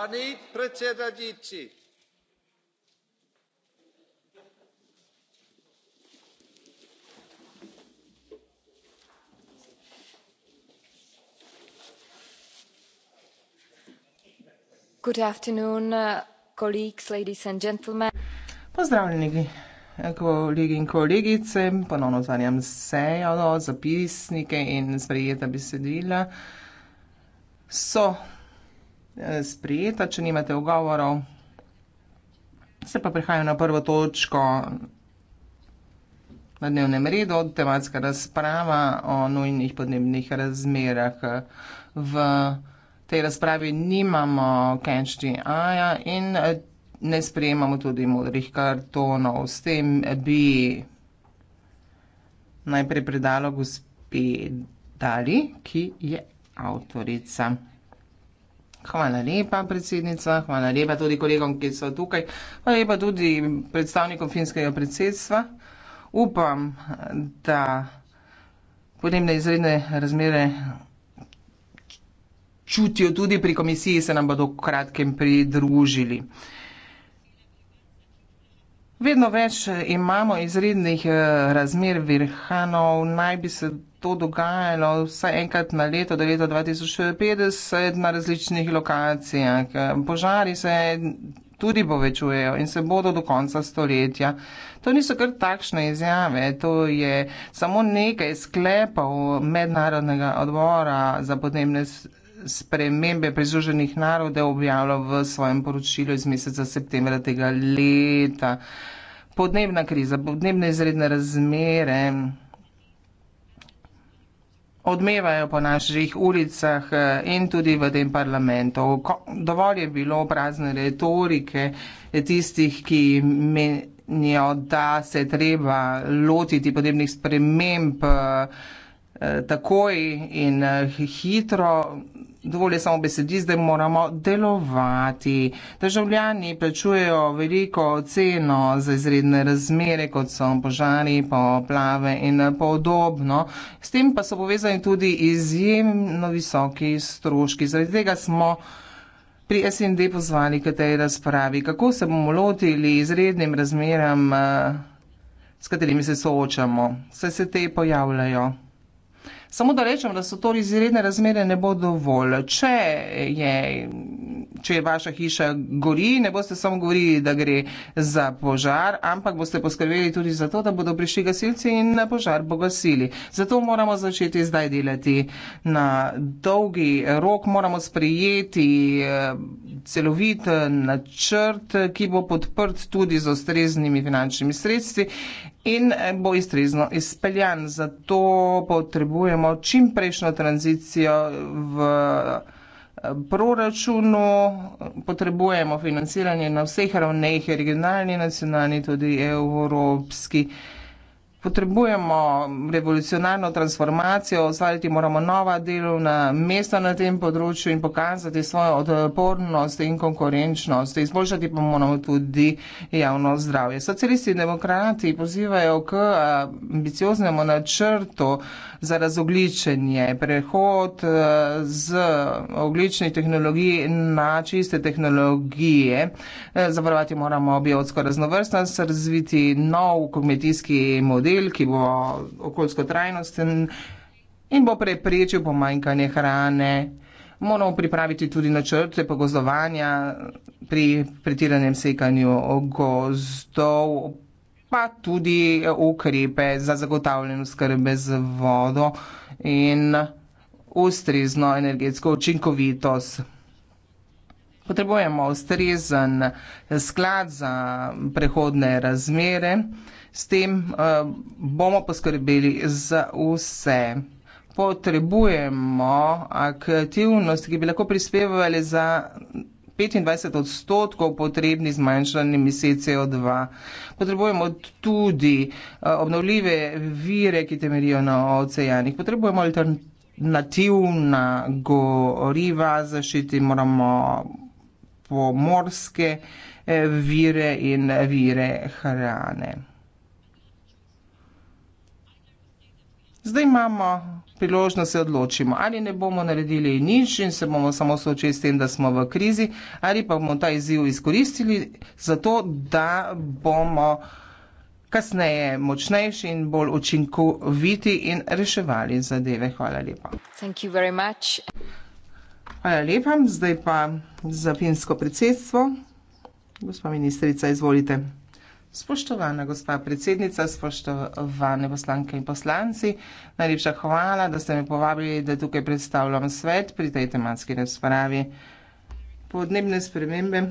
pa ni predseda Dici. Good afternoon, uh, colleagues, ladies and gentlemen. Pozdravljeni, kolegi in kolegice. Ponovno zvanjam sejo, zapisnike in sprejeta besedila. So Eh, sprijeta, če nimate ogovorov. Se pa prihajam na prvo točko na dnevnem redu, tematska razprava o nujnih podnebnih razmerah. V tej razpravi nimamo kenšti aja in eh, ne sprejemamo tudi modrih kartonov. S tem bi najprej predalo gospe Dali, ki je avtorica. Hvala lepa, predsednica. Hvala lepa tudi kolegom, ki so tukaj. Hvala lepa tudi predstavnikom finskega predsedstva. Upam, da podnebne izredne razmere čutijo tudi pri komisiji, se nam bodo v kratkem pridružili. Vedno več eh, imamo izrednih eh, razmer virhanov, naj bi se to dogajalo vsaj enkrat na leto do leta 2050 na različnih lokacijah. Požari se tudi povečujejo in se bodo do konca stoletja. To niso kar takšne izjave, to je samo nekaj sklepov Mednarodnega odbora za podnebne spremembe pri Združenih narodov objavila v svojem poročilu iz meseca septembra tega leta. Podnebna kriza, podnebne izredne razmere odmevajo po naših ulicah eh, in tudi v tem parlamentu. Dovolj je bilo prazne retorike tistih, ki menijo, da se treba lotiti podnebnih sprememb. Eh, Eh, takoj in eh, hitro. Dovolj je samo besedi, zdaj moramo delovati. Državljani plačujejo veliko ceno za izredne razmere, kot so požari, poplave in podobno. S tem pa so povezani tudi izjemno visoki stroški. Zaradi tega smo pri SND pozvali k tej razpravi. Kako se bomo lotili izrednim razmeram, eh, s katerimi se soočamo? Vse se te pojavljajo. Samo da rečem, da so to izredne razmere, ne bo dovolj. Če je, če je vaša hiša gori, ne boste samo govorili, da gre za požar, ampak boste poskrbeli tudi za to, da bodo prišli gasilci in na požar bo gasili. Zato moramo začeti zdaj delati na dolgi rok, moramo sprejeti eh, celovit eh, načrt, ki bo podprt tudi z ustreznimi finančnimi sredstvi in bo istrezno izpeljan. Zato potrebujemo čim prejšnjo tranzicijo v eh, proračunu, potrebujemo financiranje na vseh ravneh, regionalni, nacionalni, tudi evropski. Potrebujemo revolucionarno transformacijo, ustvariti moramo nova delovna mesta na tem področju in pokazati svojo odpornost in konkurenčnost. Izboljšati pa moramo tudi javno zdravje. Socialisti in demokrati pozivajo k ambicioznemu načrtu za razogličenje, prehod z ogličnih tehnologij na čiste tehnologije. Zavarovati moramo biotsko raznovrstnost, razviti nov kmetijski model del, ki bo okoljsko trajnosten in bo preprečil pomanjkanje hrane. Moramo pripraviti tudi načrte pogozdovanja pri pretiranem sekanju gozdov, pa tudi ukrepe za zagotavljanje skrbe z vodo in ustrezno energetsko učinkovitost. Potrebujemo ustrezen sklad za prehodne razmere. S tem uh, bomo poskrbeli za vse. Potrebujemo aktivnost, ki bi lahko prispevali za 25 odstotkov potrebni zmanjšanje emisije CO2. Potrebujemo tudi eh, obnovljive vire, ki temerijo na oceanih. Potrebujemo alternativna goriva, zašiti moramo pomorske eh, vire in vire hrane. Zdaj imamo priložnost, da se odločimo, ali ne bomo naredili nič in se bomo samo soočili s tem, da smo v krizi, ali pa bomo ta izziv izkoristili za to, da bomo kasneje močnejši in bolj učinkoviti in reševali zadeve. Hvala lepa. Hvala lepa. Zdaj pa za finsko predsedstvo. Gospa ministrica, izvolite. Spoštovana gospa predsednica, spoštovane poslanke in poslanci, najlepša hvala, da ste me povabili, da tukaj predstavljam svet pri tej tematski razpravi. Podnebne spremembe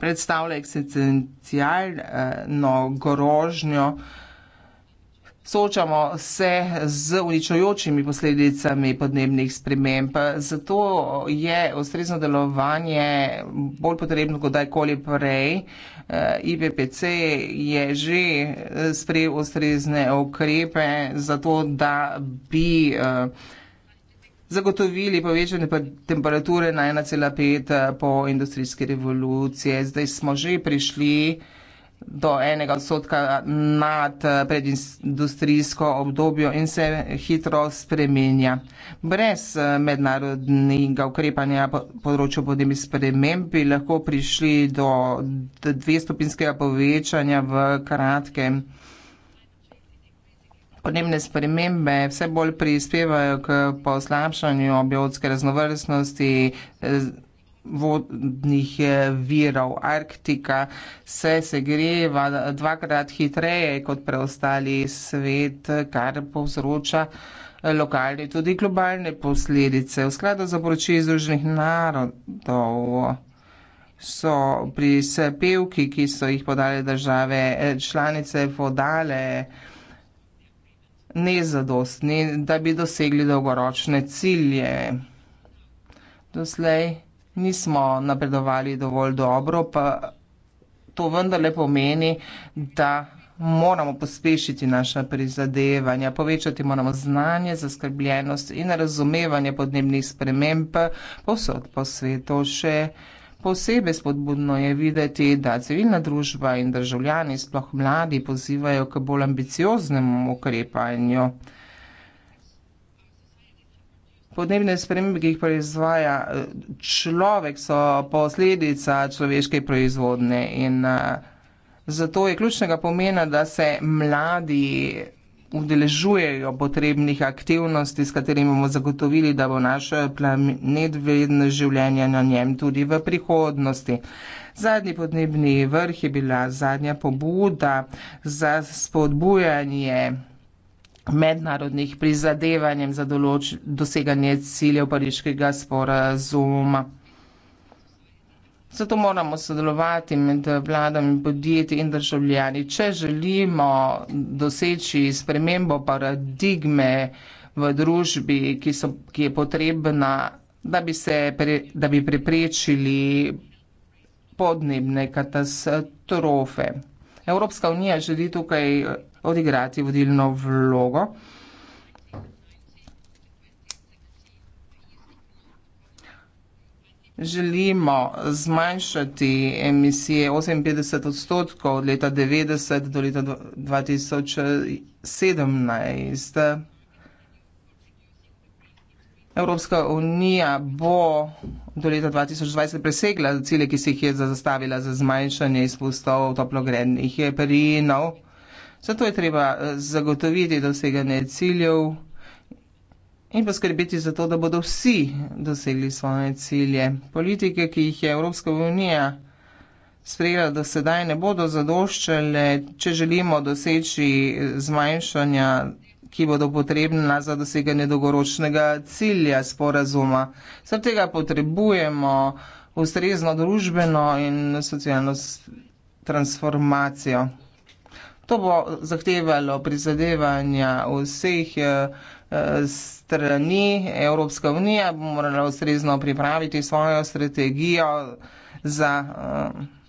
predstavljajo eksistencialno grožnjo soočamo se z uničujočimi posledicami podnebnih sprememb. Zato je ustrezno delovanje bolj potrebno kot dajkoli prej. Eh, IPPC je že eh, sprejel ustrezne ukrepe za to, da bi eh, zagotovili povečanje temperature na 1,5 po industrijski revoluciji. Zdaj smo že prišli do enega odstotka nad eh, predindustrijsko obdobje in se hitro spreminja. Brez eh, mednarodnega ukrepanja področju podnebnih sprememb bi lahko prišli do dvestopinskega povečanja v kratkem. Podnebne spremembe vse bolj prispevajo k poslabšanju biotske raznovrstnosti, eh, vodnih eh, virov. Arktika se segreva dvakrat hitreje kot preostali svet, kar povzroča eh, lokalne tudi globalne posledice. V skladu za poročil Združenih narodov so prispevki, ki so jih podale države eh, članice, podale nezadostni, da bi dosegli dolgoročne cilje. Doslej nismo napredovali dovolj dobro, pa to vendarle pomeni, da moramo pospešiti naša prizadevanja, povečati moramo znanje, zaskrbljenost in razumevanje podnebnih sprememb povsod po svetu. Še posebej spodbudno je videti, da civilna družba in državljani, sploh mladi, pozivajo k bolj ambicioznemu ukrepanju. Podnebne spremembe, ki jih proizvaja človek, so posledica človeške proizvodne in eh, zato je ključnega pomena, da se mladi udeležujejo potrebnih aktivnosti, s katerimi bomo zagotovili, da bo naš eh, planet vedno življenje na njem tudi v prihodnosti. Zadnji podnebni vrh je bila zadnja pobuda za spodbujanje mednarodnih prizadevanjem za določ, doseganje ciljev pariškega sporazuma. Zato moramo sodelovati med vladami, podjetji in državljani, če želimo doseči spremembo paradigme v družbi, ki, so, ki je potrebna, da bi, se, da bi preprečili podnebne katastrofe. Evropska unija želi tukaj odigrati vodilno vlogo. Želimo zmanjšati emisije 58 odstotkov od leta 90 do leta 2017. Evropska unija bo do leta 2020 presegla cilje, ki si jih je zastavila za zmanjšanje izpustov toplogrednih perinov. Zato je treba eh, zagotoviti doseganje ciljev in poskrbeti za to, da bodo vsi dosegli svoje cilje. Politike, ki jih je Evropska unija sprejela do sedaj, ne bodo zadoščale, če želimo doseči eh, zmanjšanja, ki bodo potrebna za doseganje dolgoročnega cilja sporazuma. Zaradi tega potrebujemo ustrezno družbeno in socialno transformacijo. To bo zahtevalo prizadevanja vseh eh, strani. Evropska unija bo morala ustrezno pripraviti svojo strategijo za. Uh,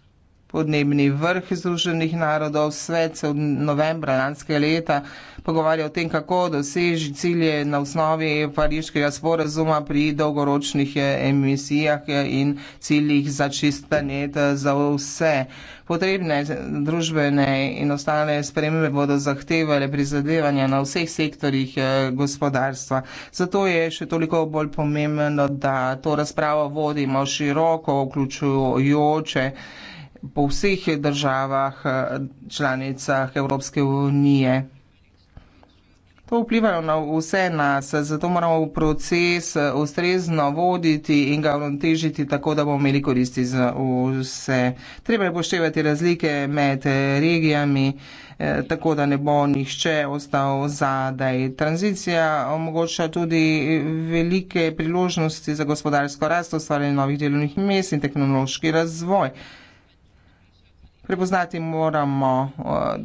podnebni vrh Združenih narodov, svet se od novembra lanskega leta pogovarja o tem, kako doseži cilje na osnovi pariškega sporazuma pri dolgoročnih eh, emisijah eh, in ciljih za čist planet eh, za vse. Potrebne družbene in ostale spremembe bodo zahtevale prizadevanja na vseh sektorjih gospodarstva. Zato je še toliko bolj pomembno, da to razpravo vodimo široko, vključujoče po vseh državah, eh, članicah Evropske unije. To vplivajo na vse nas, zato moramo proces eh, ustrezno voditi in ga vnotežiti tako, da bomo imeli koristi za vse. Treba je poštevati razlike med eh, regijami, tako da ne bo nihče ostal zadaj. Tranzicija omogoča tudi velike priložnosti za gospodarsko rast, ustvarjanje novih delovnih mest in tehnološki razvoj prepoznati moramo eh,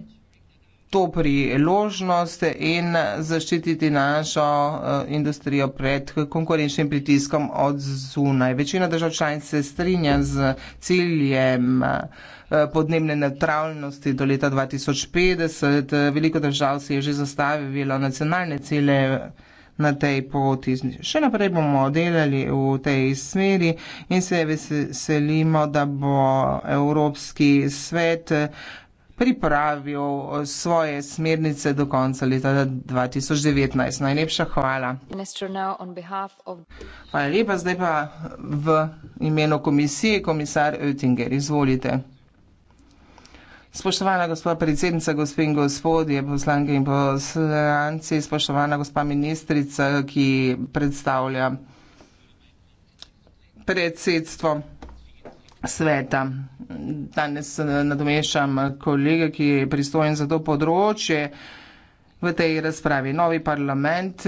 to priložnost in zaščititi našo eh, industrijo pred konkurenčnim pritiskom od zunaj. Večina držav članic se strinja z ciljem eh, podnebne neutralnosti do leta 2050. Veliko držav si je že zastavilo nacionalne cilje na tej poti. Še naprej bomo delali v tej smeri in se veselimo, da bo Evropski svet pripravil svoje smernice do konca leta 2019. Najlepša hvala. Hvala lepa. Zdaj pa v imenu komisije komisar Oettinger. Izvolite. Spoštovana gospod predsednica, gospe in gospodje, poslanke in poslanci, spoštovana gospa ministrica, ki predstavlja predsedstvo sveta. Danes eh, nadomešam kolega, ki je pristojen za to področje v tej razpravi. Novi parlament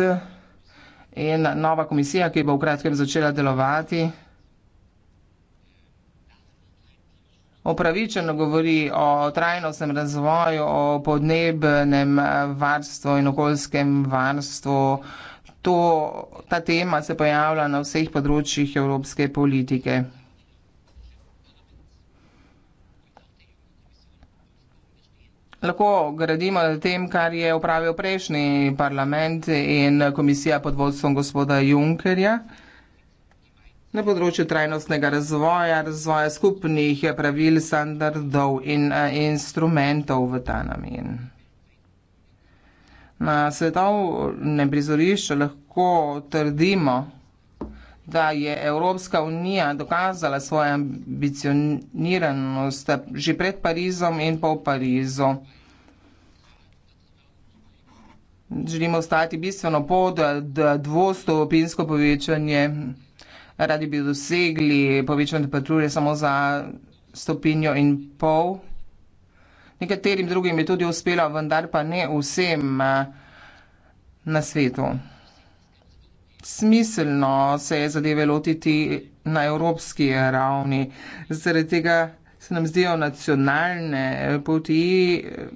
in nova komisija, ki bo v kratkem začela delovati, upravičeno govori o trajnostnem razvoju, o podnebnem varstvu in okoljskem varstvu. To, ta tema se pojavlja na vseh področjih evropske politike. Lahko gradimo na tem, kar je upravil prejšnji parlament in komisija pod vodstvom gospoda Junkerja na področju trajnostnega razvoja, razvoja skupnih pravil, standardov in eh, instrumentov v ta namen. Na svetovnem prizorišču lahko trdimo, da je Evropska unija dokazala svojo ambicioniranost že pred Parizom in po Parizu. Želimo ostati bistveno pod dvostopinsko povečanje radi bi dosegli povečanje temperature samo za stopinjo in pol. Nekaterim drugim je tudi uspelo, vendar pa ne vsem eh, na svetu. Smiselno se je zadeve lotiti na evropski ravni, zaradi tega se nam zdijo nacionalne eh, poti eh,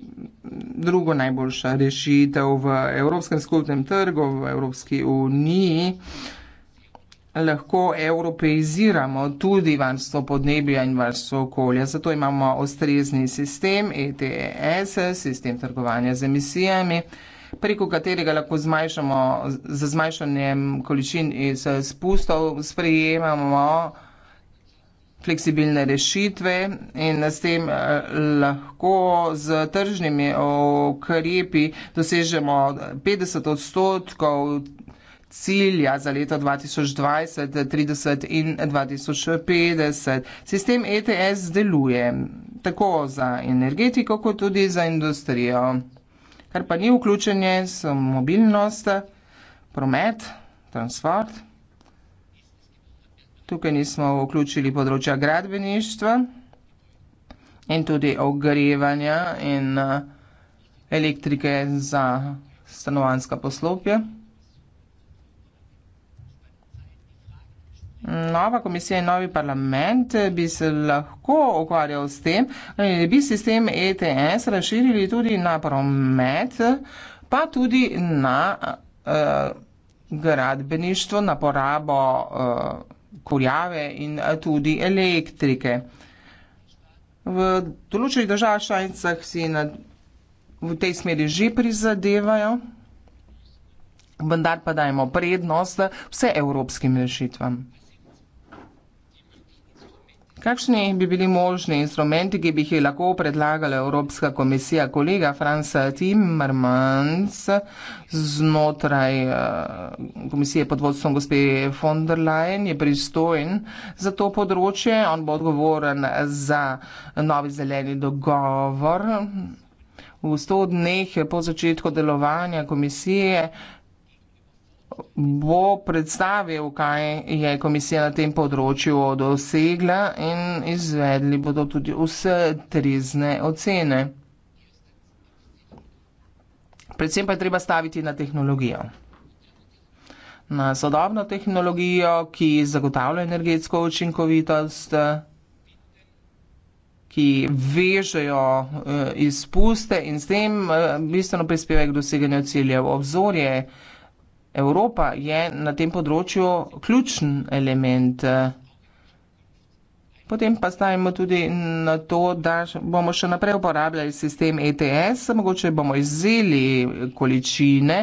drugo najboljša rešitev v evropskem skupnem trgu, v Evropski uniji. Uh, lahko evropeiziramo tudi varstvo podnebja in varstvo okolja. Zato imamo ustrezni sistem ETS, e sistem trgovanja z emisijami, preko katerega lahko zmanjšamo z zmanjšanjem količin iz spustov, sprejemamo fleksibilne rešitve in s tem eh, lahko z tržnimi okrepi dosežemo 50 odstotkov cilja za leto 2020, 2030 in 2050. Sistem ETS deluje tako za energetiko, kot tudi za industrijo. Kar pa ni vključenje, so mobilnost, promet, transport. Tukaj nismo vključili področja gradbeništva in tudi ogrevanja in elektrike za stanovanska poslopja. Nova komisija in novi parlament eh, bi se lahko ukvarjal s tem, da eh, bi sistem ETS razširili tudi na promet, pa tudi na uh, gradbeništvo, na porabo uh, kurjave in tudi elektrike. V določenih državah članicah si na, v tej smeri že prizadevajo, vendar pa dajemo prednost vse evropskim rešitvam. Kakšni bi bili možni instrumenti, ki bi jih lahko predlagala Evropska komisija, kolega Franca Timmermans znotraj eh, komisije pod vodstvom gospe von der Leyen je pristojen za to področje, on bo odgovoren za novi zeleni dogovor. V sto dneh po začetku delovanja komisije bo predstavil, kaj je komisija na tem področju dosegla in izvedli bodo tudi vse trizne ocene. Predvsem pa je treba staviti na tehnologijo. Na sodobno tehnologijo, ki zagotavlja energetsko učinkovitost, ki vežejo eh, izpuste in s tem eh, bistveno prispevajo k doseganju ciljev obzorje. Evropa je na tem področju ključen element. Potem pa stavimo tudi na to, da bomo še naprej uporabljali sistem ETS, mogoče bomo izzeli količine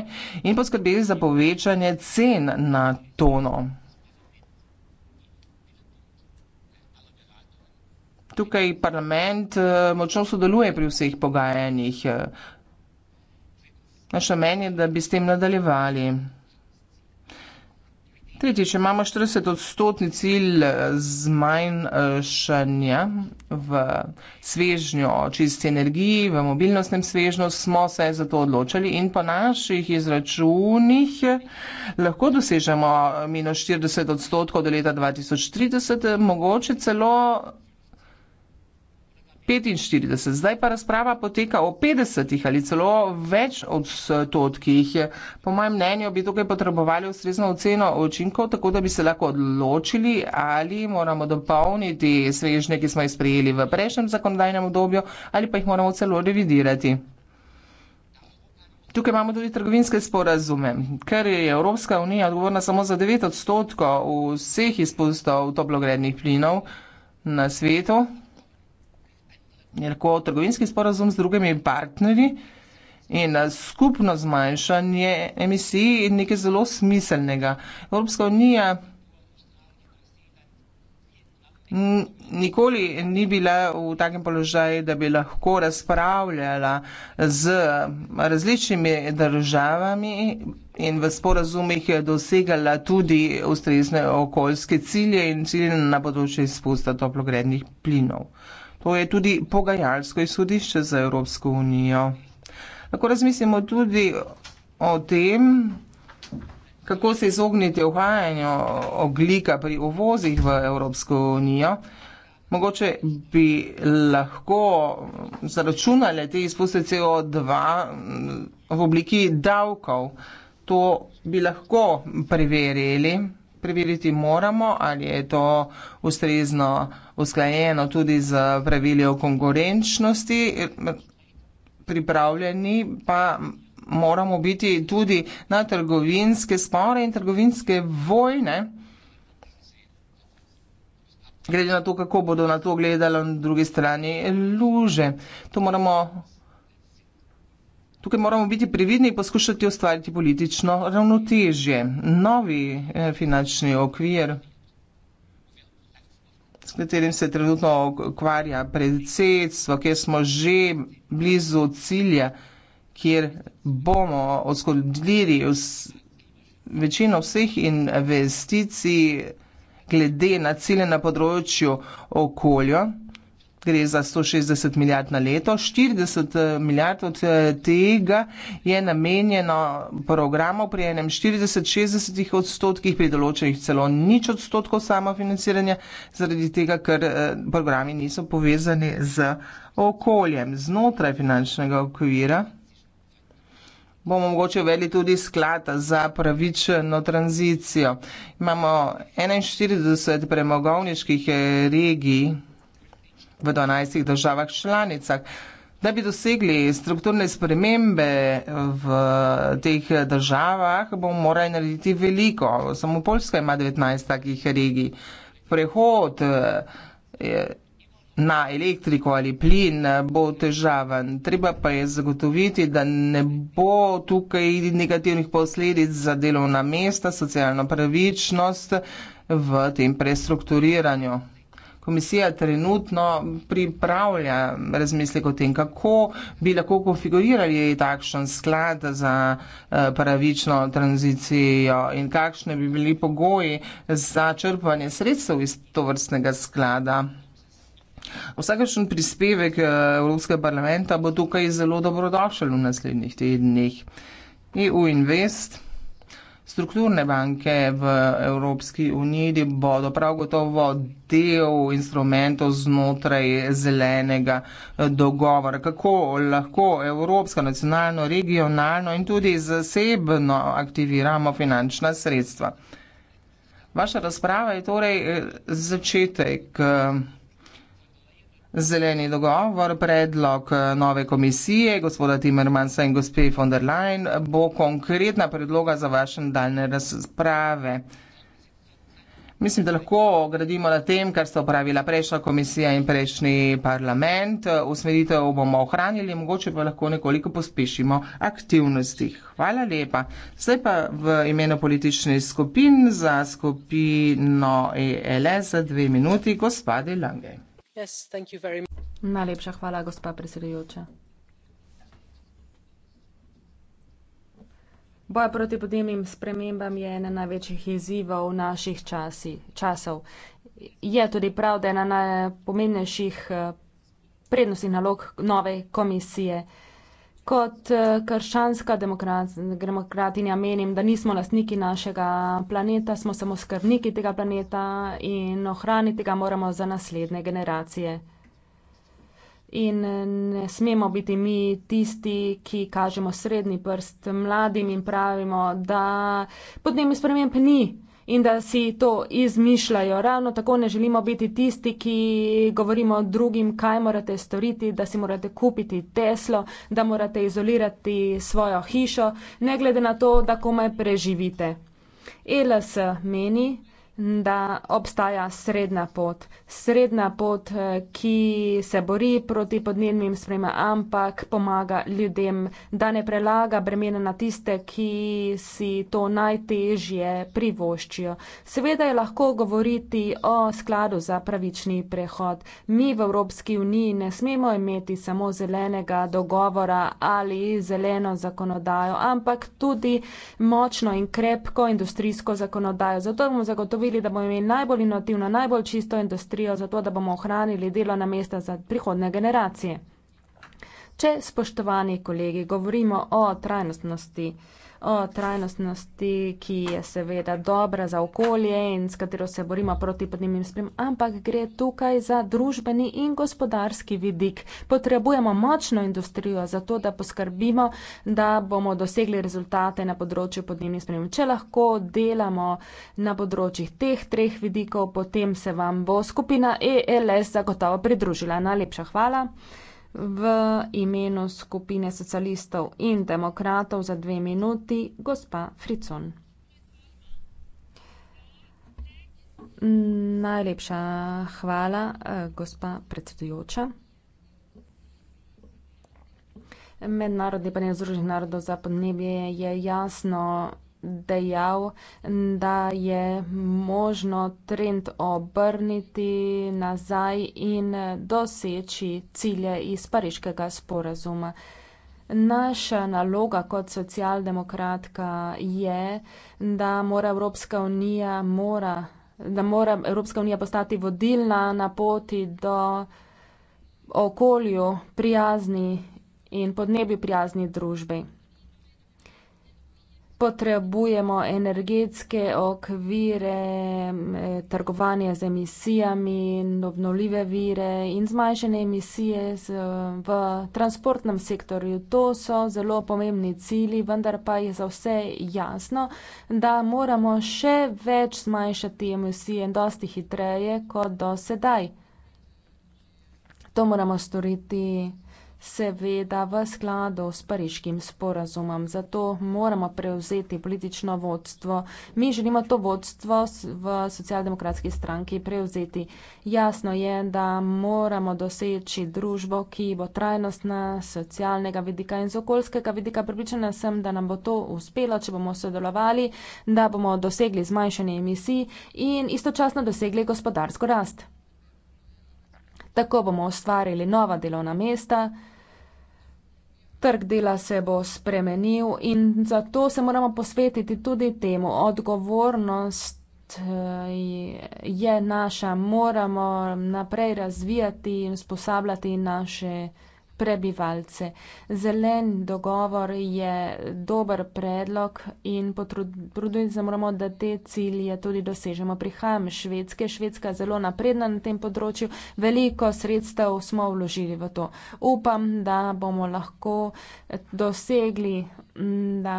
in poskrbeli za povečanje cen na tono. Tukaj parlament eh, močno sodeluje pri vseh pogajanjih. Naša meni je, da bi s tem nadaljevali. Tretji, če imamo 40 odstotni cilj eh, zmanjšanja v svežnjo čisti energiji, v mobilnostnem svežnju, smo se za to odločili in po naših izračunih eh, lahko dosežemo eh, minus 40 odstotkov do leta 2030, mogoče celo 45, zdaj pa razprava poteka o 50 ali celo več odstotkih. Po mojem mnenju bi tukaj potrebovali ustrezno oceno učinkov, tako da bi se lahko odločili, ali moramo dopolniti svežne, ki smo jih sprejeli v prejšnjem zakonodajnem obdobju, ali pa jih moramo celo revidirati. Tukaj imamo tudi trgovinske sporazume, ker je Evropska unija odgovorna samo za 9 odstotkov vseh izpustov toplogrednih plinov na svetu je lahko trgovinski sporazum z drugimi partnerji in eh, skupno zmanjšanje emisij in nekaj zelo smiselnega. Evropska unija nikoli ni bila v takem položaju, da bi lahko razpravljala z različnimi državami in v sporazumih je dosegala tudi ustrezne okoljske cilje in cilje na področju izpusta toplogrednih plinov. To je tudi pogajalsko izhodišče za Evropsko unijo. Lahko razmislimo tudi o tem, kako se izogniti ohajanju oglika pri uvozih v Evropsko unijo. Mogoče bi lahko zaračunali te izpuste CO2 v obliki davkov. To bi lahko preverili preveriti moramo, ali je to ustrezno usklajeno tudi z pravili o konkurenčnosti. Pripravljeni pa moramo biti tudi na trgovinske spore in trgovinske vojne. Glede na to, kako bodo na to gledali na drugi strani luže. To moramo Tukaj moramo biti previdni in poskušati ustvariti politično ravnotežje. Novi eh, finančni okvir, s katerim se trenutno ukvarja predsedstvo, kjer smo že blizu cilja, kjer bomo odskodili večino vseh investicij glede na cilje na področju okolja gre za 160 milijard na leto, 40 eh, milijard od eh, tega je namenjeno programov pri enem 40-60 odstotkih, pri določenih celo nič odstotkov samofinanciranja, zaradi tega, ker eh, programi niso povezani z okoljem znotraj finančnega okvira bomo mogoče uvedli tudi sklada za pravično tranzicijo. Imamo 41 premogovniških regij, v 12 državah članicah. Da bi dosegli strukturne spremembe v teh državah, bomo morali narediti veliko. Samo Poljska ima 19 takih regij. Prehod eh, na elektriko ali plin bo težaven. Treba pa je zagotoviti, da ne bo tukaj negativnih posledic za delovna mesta, socialno pravičnost v tem prestrukturiranju komisija trenutno pripravlja razmislek o tem, kako bi lahko konfigurirali takšen sklad za eh, pravično tranzicijo in kakšne bi bili pogoji za črpanje sredstev iz tovrstnega sklada. Vsakršen prispevek eh, Evropskega parlamenta bo tukaj zelo dobrodošel v naslednjih tednih. EU Invest. Strukturne banke v Evropski uniji bodo prav gotovo del instrumentov znotraj zelenega eh, dogovora. Kako lahko evropsko, nacionalno, regionalno in tudi zasebno aktiviramo finančna sredstva? Vaša razprava je torej eh, začetek eh, zeleni dogovor, predlog eh, nove komisije, gospoda Timmermansa in gospe von der Leyen, bo konkretna predloga za vaše daljne razprave. Mislim, da lahko gradimo na tem, kar sta opravila prejšnja komisija in prejšnji parlament. Usmeritev bomo ohranili, mogoče pa lahko nekoliko pospešimo aktivnosti. Hvala lepa. Zdaj pa v imenu političnih skupin za skupino ELS za dve minuti, gospodi Langej. Najlepša hvala, gospa predsedujoča. Boj proti podnebnim spremembam je eden največjih izzivov naših časi, časov. Je tudi prav, da je ena najpomembnejših eh, prednostnih nalog nove komisije kot eh, krščanska demokratinja menim, da nismo lastniki našega planeta, smo samo skrbniki tega planeta in ohraniti ga moramo za naslednje generacije. In ne smemo biti mi tisti, ki kažemo srednji prst mladim in pravimo, da podnebnih sprememb ni in da si to izmišljajo. Ravno tako ne želimo biti tisti, ki govorimo drugim, kaj morate storiti, da si morate kupiti teslo, da morate izolirati svojo hišo, ne glede na to, da komaj preživite. ELS meni, da obstaja srednja pot. Srednja pot, eh, ki se bori proti podnebnim spremem, ampak pomaga ljudem, da ne prelaga bremena na tiste, ki si to najtežje privoščijo. Seveda je lahko govoriti o skladu za pravični prehod. Mi v Evropski uniji ne smemo imeti samo zelenega dogovora ali zeleno zakonodajo, ampak tudi močno in krepko industrijsko zakonodajo. Zato bomo zagotovili naredili, da bomo imeli najbolj inovativno, najbolj čisto industrijo, zato da bomo ohranili delovna mesta za prihodne generacije. Če, spoštovani kolegi, govorimo o trajnostnosti, o trajnostnosti, ki je seveda dobra za okolje in s katero se borimo proti podnebnim spremem, ampak gre tukaj za družbeni in gospodarski vidik. Potrebujemo močno industrijo za to, da poskrbimo, da bomo dosegli rezultate na področju podnebnih sprememb. Če lahko delamo na področjih teh treh vidikov, potem se vam bo skupina ELS zagotovo pridružila. Najlepša hvala. V imenu skupine socialistov in demokratov za dve minuti, gospa Fricon. Najlepša hvala, eh, gospa predsedujoča. Mednarodni panel Združenih narodov za podnebje je jasno dejal, da je možno trend obrniti nazaj in doseči cilje iz pariškega sporazuma. Naša naloga kot socialdemokratka je, da mora Evropska unija, mora, da mora Evropska unija postati vodilna na poti do okolju prijazni in podnebju prijazni družbi potrebujemo energetske okvire, trgovanje z emisijami, obnovljive vire in zmanjšene emisije v transportnem sektorju. To so zelo pomembni cili, vendar pa je za vse jasno, da moramo še več zmanjšati emisije in dosti hitreje kot do sedaj. To moramo storiti seveda v skladu s pariškim sporazumom. Zato moramo prevzeti politično vodstvo. Mi želimo to vodstvo v socialdemokratski stranki prevzeti. Jasno je, da moramo doseči družbo, ki bo trajnostna socialnega vidika in z okoljskega vidika. Pripričana sem, da nam bo to uspelo, če bomo sodelovali, da bomo dosegli zmanjšanje emisij in istočasno dosegli gospodarsko rast. Tako bomo ustvarili nova delovna mesta, trg dela se bo spremenil in zato se moramo posvetiti tudi temu. Odgovornost eh, je naša, moramo naprej razvijati in usposabljati naše prebivalce. Zelen dogovor je dober predlog in potruditi se moramo, da te cilje tudi dosežemo. Prihajam iz Švedske, Švedska je zelo napredna na tem področju, veliko sredstev smo vložili v to. Upam, da bomo lahko dosegli, da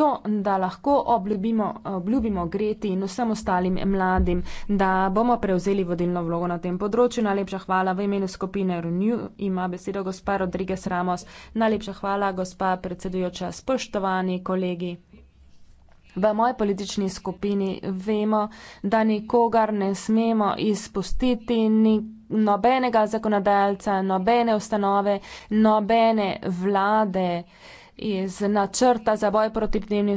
to, da lahko obljubimo, obljubimo Greti in vsem ostalim mladim, da bomo prevzeli vodilno vlogo na tem področju. Najlepša hvala v imenu skupine Renew ima besedo gospa Rodriguez Ramos. Najlepša hvala, gospa predsedujoča, spoštovani kolegi. V moji politični skupini vemo, da nikogar ne smemo izpustiti, ni nobenega zakonodajalca, nobene ustanove, nobene vlade iz načrta za boj proti dnevnim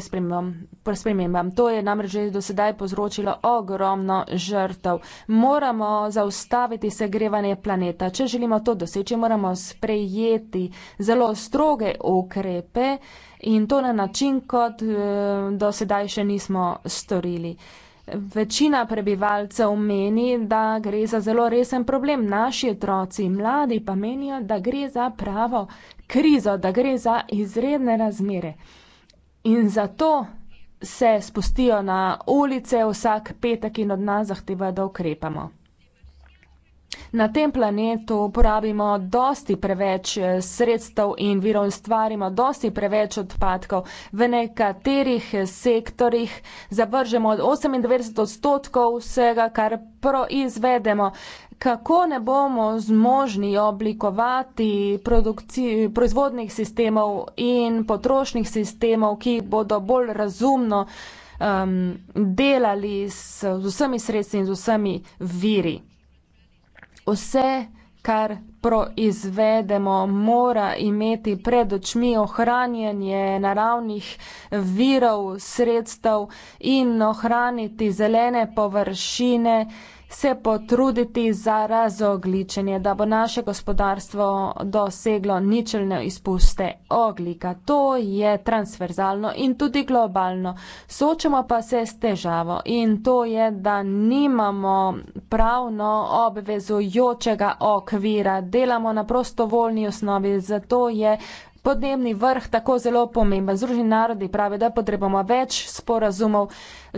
spremembam. To je namreč že do sedaj povzročilo ogromno žrtev. Moramo zaustaviti segrevanje planeta. Če želimo to doseči, moramo sprejeti zelo stroge ukrepe in to na način, kot eh, do sedaj še nismo storili. Večina prebivalcev meni, da gre za zelo resen problem. Naši otroci, mladi pa menijo, da gre za pravo krizo, da gre za izredne razmere. In zato se spustijo na ulice vsak petek in od nas zahtevajo, da ukrepamo. Na tem planetu porabimo dosti preveč eh, sredstev in virov in stvarimo dosti preveč odpadkov. V nekaterih eh, sektorjih zavržemo 98 odstotkov vsega, kar proizvedemo. Kako ne bomo zmožni oblikovati proizvodnih sistemov in potrošnih sistemov, ki bodo bolj razumno um, delali z vsemi sredstvi in z vsemi viri? Vse, kar proizvedemo, mora imeti pred očmi ohranjanje naravnih virov, sredstev in ohraniti zelene površine se potruditi za razogličenje, da bo naše gospodarstvo doseglo ničelne izpuste oglika. To je transverzalno in tudi globalno. Sočemo pa se s težavo in to je, da nimamo pravno obvezujočega okvira. Delamo na prostovoljni osnovi, zato je podnebni vrh tako zelo pomemben. Združeni narodi pravijo, da potrebujemo več sporazumov,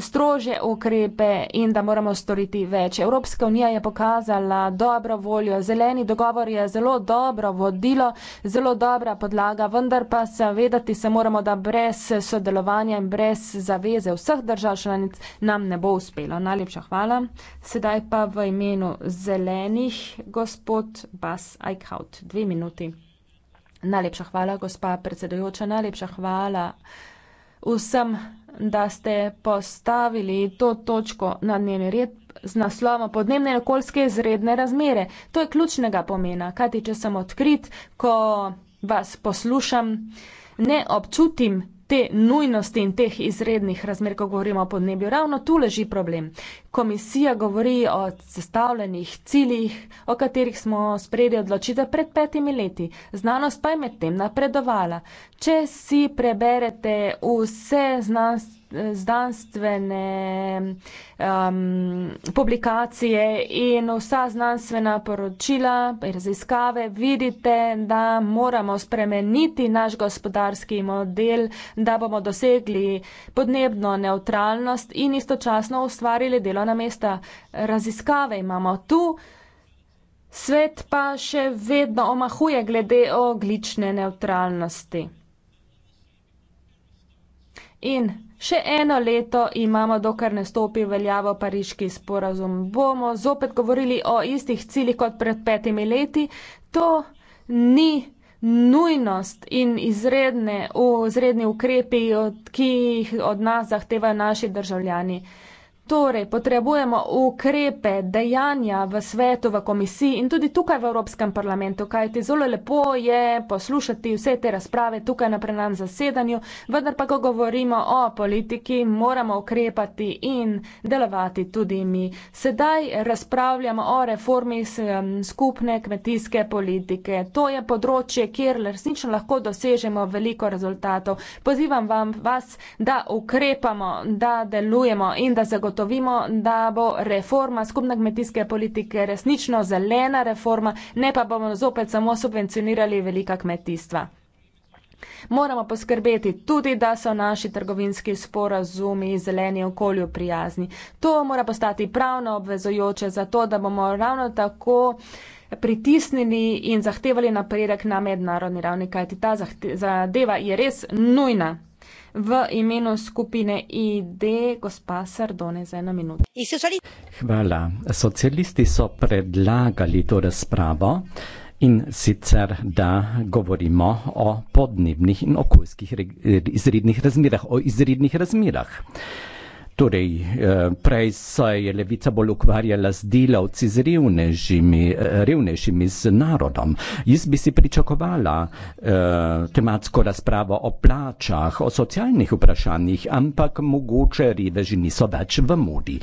strože ukrepe in da moramo storiti več. Evropska unija je pokazala dobro voljo, zeleni dogovor je zelo dobro vodilo, zelo dobra podlaga, vendar pa zavedati se moramo, da brez sodelovanja in brez zaveze vseh držav članic nam ne bo uspelo. Najlepša hvala. Sedaj pa v imenu zelenih gospod Bas Eichhout. Dve minuti. Najlepša hvala, gospa predsedujoča, najlepša hvala vsem, da ste postavili to točko na dnevni red z naslovom podnebne in okoljske izredne razmere. To je ključnega pomena, kajti če sem odkrit, ko vas poslušam, ne občutim te nujnosti in teh izrednih razmer, ko govorimo o podnebju. Ravno tu leži problem. Komisija govori o zastavljenih ciljih, o katerih smo sprejeli odločitev pred petimi leti. Znanost pa je med tem napredovala. Če si preberete vse znanstvene znanstvene um, publikacije in vsa znanstvena poročila in raziskave vidite, da moramo spremeniti naš gospodarski model, da bomo dosegli podnebno neutralnost in istočasno ustvarili delovna mesta. Raziskave imamo tu. Svet pa še vedno omahuje glede oglične neutralnosti. In Še eno leto imamo, dokler ne stopi veljavo pariški sporazum. Bomo zopet govorili o istih ciljih kot pred petimi leti. To ni nujnost in izredne, izredni ukrepi, ki jih od nas zahtevajo naši državljani. Torej, potrebujemo ukrepe, dejanja v svetu, v komisiji in tudi tukaj v Evropskem parlamentu, kajti zelo lepo je poslušati vse te razprave tukaj na prenam zasedanju, vendar pa, ko govorimo o politiki, moramo ukrepati in delovati tudi mi. Sedaj razpravljamo o reformi skupne kmetijske politike. To je področje, kjer resnično lahko dosežemo veliko rezultatov. Pozivam vam, vas, da ukrepamo, da delujemo in da zagotovimo zagotovimo, da bo reforma skupne kmetijske politike resnično zelena reforma, ne pa bomo zopet samo subvencionirali velika kmetijstva. Moramo poskrbeti tudi, da so naši trgovinski sporazumi zeleni okolju prijazni. To mora postati pravno obvezojoče za to, da bomo ravno tako pritisnili in zahtevali napredek na mednarodni ravni, kajti ta zadeva je res nujna v imenu skupine ID, gospa Sardone, za eno minuto. Hvala. Socialisti so predlagali to razpravo in sicer, da govorimo o podnebnih in okoljskih izrednih razmerah, o izrednih razmerah. Torej, eh, prej se je levica bolj ukvarjala z delavci, z revnežimi, eh, revnežimi, z narodom. Jaz bi si pričakovala eh, tematsko razpravo o plačah, o socialnih vprašanjih, ampak mogoče reveži niso več v modi.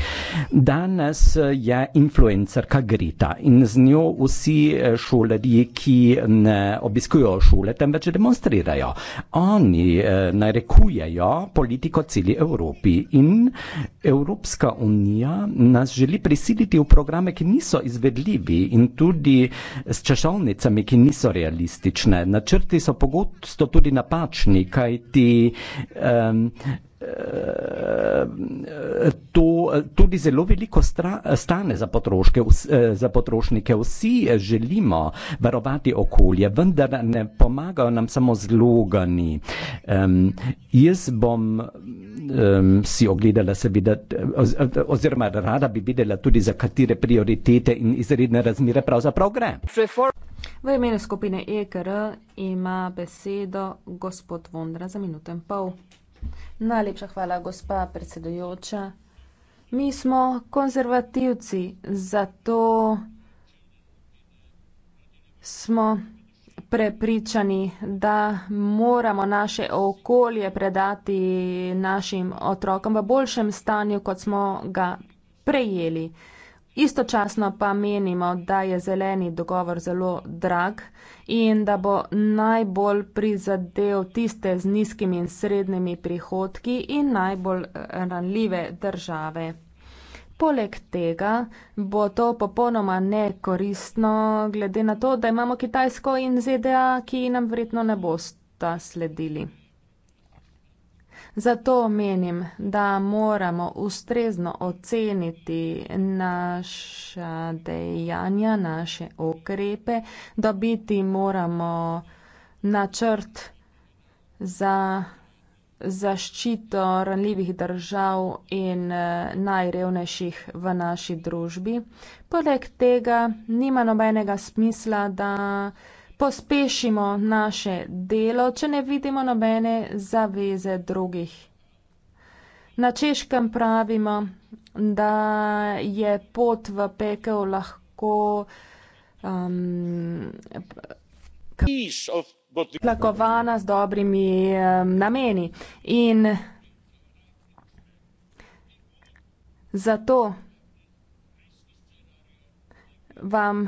Danes je influencerka Greta in z njo vsi eh, šolarji, ki ne obiskujo šole, temveč demonstrirajo. Oni eh, narekujejo politiko celi Evropi in Evropska unija nas želi prisiliti v programe, ki niso izvedljivi in tudi s čašalnicami, ki niso realistične. Načrti so pogosto tudi napačni, kajti um, to tudi zelo veliko stra, stane za, potroške, za potrošnike. Vsi želimo varovati okolje, vendar ne pomagajo nam samo zlogani. Um, jaz bom um, si ogledala, seveda, oziroma rada bi videla tudi, za katere prioritete in izredne razmere pravzaprav gre. V imenu skupine EKR ima besedo gospod Vondra za minuto in pol. Najlepša hvala, gospa predsedujoča. Mi smo konzervativci, zato smo prepričani, da moramo naše okolje predati našim otrokom v boljšem stanju, kot smo ga prejeli. Istočasno pa menimo, da je zeleni dogovor zelo drag in da bo najbolj prizadel tiste z nizkimi in srednjimi prihodki in najbolj eh, ranljive države. Poleg tega bo to popolnoma nekoristno, glede na to, da imamo Kitajsko in ZDA, ki nam verjetno ne bosta sledili. Zato menim, da moramo ustrezno oceniti naša dejanja, naše okrepe, da biti moramo načrt za zaščito ranljivih držav in eh, najrevnejših v naši družbi. Poleg tega nima nobenega smisla, da pospešimo naše delo, če ne vidimo nobene zaveze drugih. Na češkem pravimo, da je pot v pekel lahko plakovana um, the... z dobrimi um, nameni. In zato vam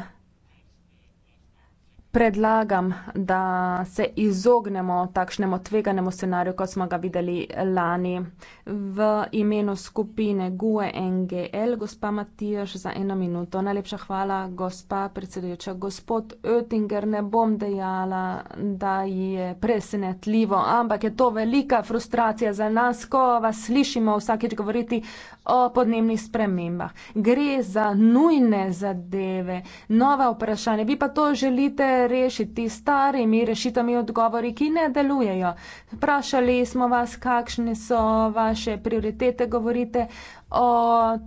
predlagam, da se izognemo takšnemu tveganemu scenariju, kot smo ga videli lani. V imenu skupine GUE NGL, gospa Matijaš, za eno minuto. Najlepša hvala, gospa predsedujoča. Gospod Oettinger, ne bom dejala, da je presenetljivo, ampak je to velika frustracija za nas, ko vas slišimo vsakeč govoriti o podnebnih spremembah. Gre za nujne zadeve, nova vprašanja. Vi pa to želite rešiti starimi rešitami odgovori, ki ne delujejo. Vprašali smo vas, kakšne so vaše prioritete, govorite o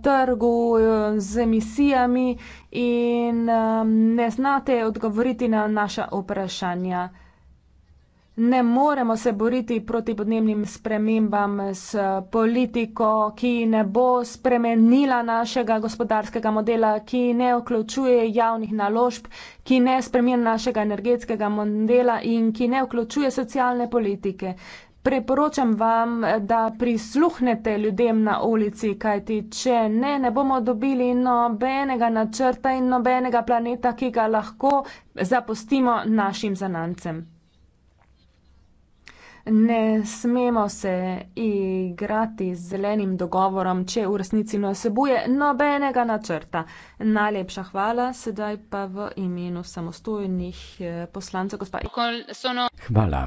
trgu eh, z emisijami in eh, ne znate odgovoriti na naša vprašanja ne moremo se boriti proti podnebnim spremembam s politiko, ki ne bo spremenila našega gospodarskega modela, ki ne vključuje javnih naložb, ki ne spremeni našega energetskega modela in ki ne vključuje socialne politike. Preporočam vam, da prisluhnete ljudem na ulici, kajti če ne, ne bomo dobili nobenega načrta in nobenega planeta, ki ga lahko zapustimo našim zanancem ne smemo se igrati z zelenim dogovorom, če v resnici ne vsebuje nobenega načrta. Najlepša hvala, sedaj pa v imenu samostojnih eh, poslancev, gospod Ikol. Hvala.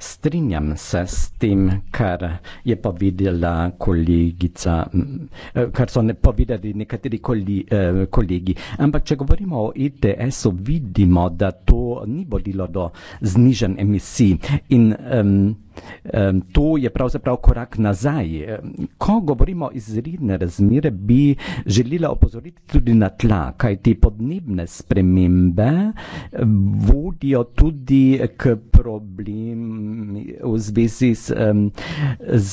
Strinjam se s tem, kar je povedala kolegica, eh, kar so ne povedali nekateri koli, eh, kolegi. Ampak, če govorimo o ETS-u, vidimo, da to ni vodilo do znižen emisij. In, eh, To je pravzaprav korak nazaj. Ko govorimo izredne razmere, bi želela opozoriti tudi na tla, kaj te podnebne spremembe vodijo tudi k problem v zvezi z, z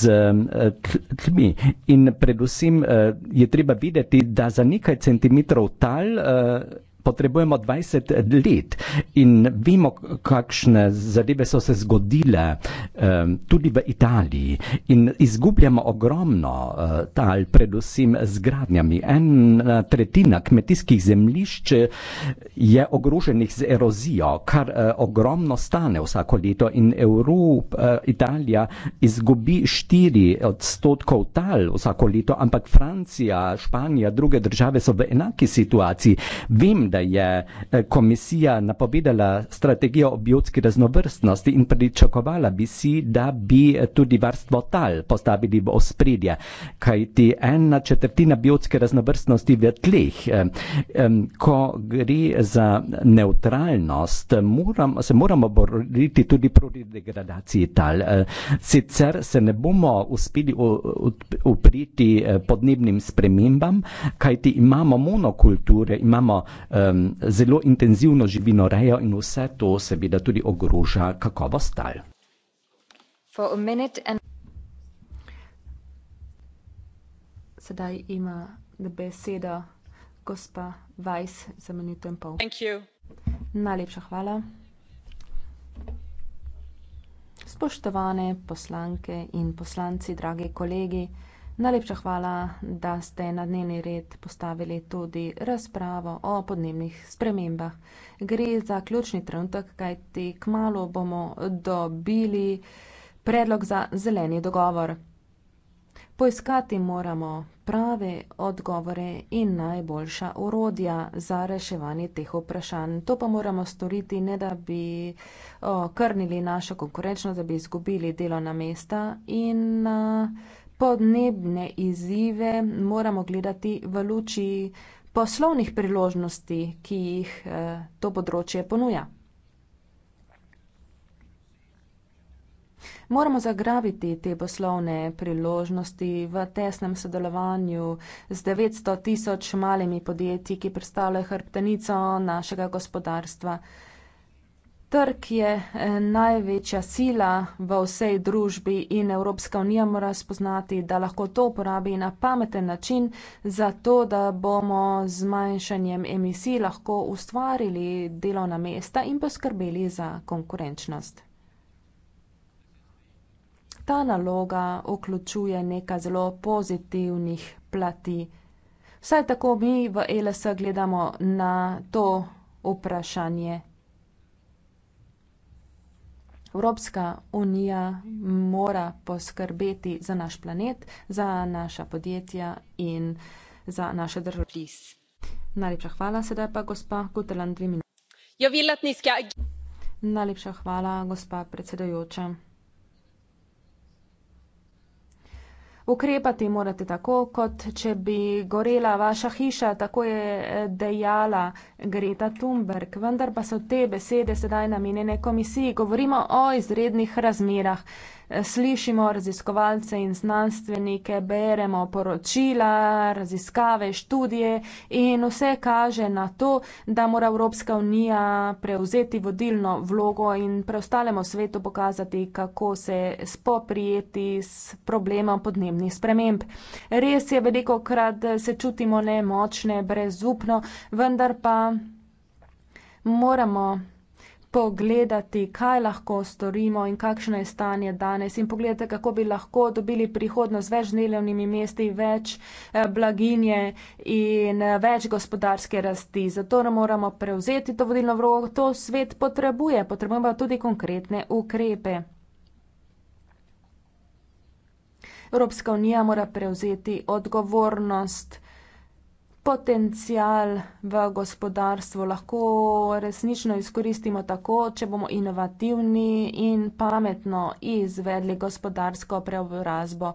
tlmi. In predvsem eh, je treba videti, da za nekaj centimetrov tal eh, potrebujemo 20 let in vemo, kakšne zadeve so se zgodile ehm, tudi v Italiji in izgubljamo ogromno eh, tal, predvsem z gradnjami. Ena tretjina kmetijskih zemljišč je ogroženih z erozijo, kar eh, ogromno stane vsako leto in Evropa, eh, Italija izgubi 4 odstotkov tal vsako leto, ampak Francija, Španija, druge države so v enaki situaciji. Vem, da je eh, komisija napovedala strategijo o biotski raznovrstnosti in pričakovala bi si, da bi eh, tudi varstvo tal postavili v ospredje, kaj ti ena četrtina biotske raznovrstnosti v tleh. Eh, ko gre za neutralnost, moram, se moramo boriti tudi proti degradaciji tal. Sicer se ne bomo uspeli upriti podnebnim spremembam, kaj ti imamo monokulture, imamo um, zelo intenzivno živino rejo in vse to seveda tudi ogroža kakovost tal. Sedaj ima besedo gospa Vajs za minuto in pol. Najlepša hvala. Spoštovane poslanke in poslanci, dragi kolegi. Najlepša hvala, da ste na dnevni red postavili tudi razpravo o podnebnih spremembah. Gre za ključni trenutek, kajti k malu bomo dobili predlog za zeleni dogovor. Poiskati moramo prave odgovore in najboljša urodja za reševanje teh vprašanj. To pa moramo storiti ne da bi okrnili našo konkurenčnost, da bi izgubili delo na mesta in uh, podnebne izzive moramo gledati v luči poslovnih priložnosti, ki jih eh, to področje ponuja. Moramo zagrabiti te poslovne priložnosti v tesnem sodelovanju z 900 tisoč malimi podjetji, ki predstavljajo hrbtenico našega gospodarstva. Trg je eh, največja sila v vsej družbi in Evropska unija mora spoznati, da lahko to uporabi na pameten način, zato da bomo z manjšanjem emisij lahko ustvarili delovna mesta in poskrbeli za konkurenčnost. Ta naloga vključuje nekaj zelo pozitivnih plati. Vsaj tako mi v e LS gledamo na to vprašanje. Evropska unija mora poskrbeti za naš planet, za naša podjetja in za naše države. Najlepša hvala, sedaj pa gospa Guterland, dve minuti. Najlepša hvala, gospa predsedujoča. Ukrepati morate tako, kot če bi gorela vaša hiša, tako je eh, dejala Greta Thunberg. Vendar pa so te besede sedaj namenjene komisiji. Govorimo o izrednih razmerah slišimo raziskovalce in znanstvenike, beremo poročila, raziskave, študije in vse kaže na to, da mora Evropska unija prevzeti vodilno vlogo in preostalemu svetu pokazati, kako se spoprijeti s problemom podnebnih sprememb. Res je, veliko krat se čutimo nemočne, brezupno, vendar pa moramo pogledati, kaj lahko storimo in kakšno je stanje danes in pogledate, kako bi lahko dobili prihodnost več delovnimi mesti, več eh, blaginje in eh, več gospodarske rasti. Zato nam moramo prevzeti to vodilno vlogo, to svet potrebuje, potrebujemo tudi konkretne ukrepe. Evropska unija mora prevzeti odgovornost potencial v gospodarstvu lahko resnično izkoristimo tako, če bomo inovativni in pametno izvedli gospodarsko preobrazbo.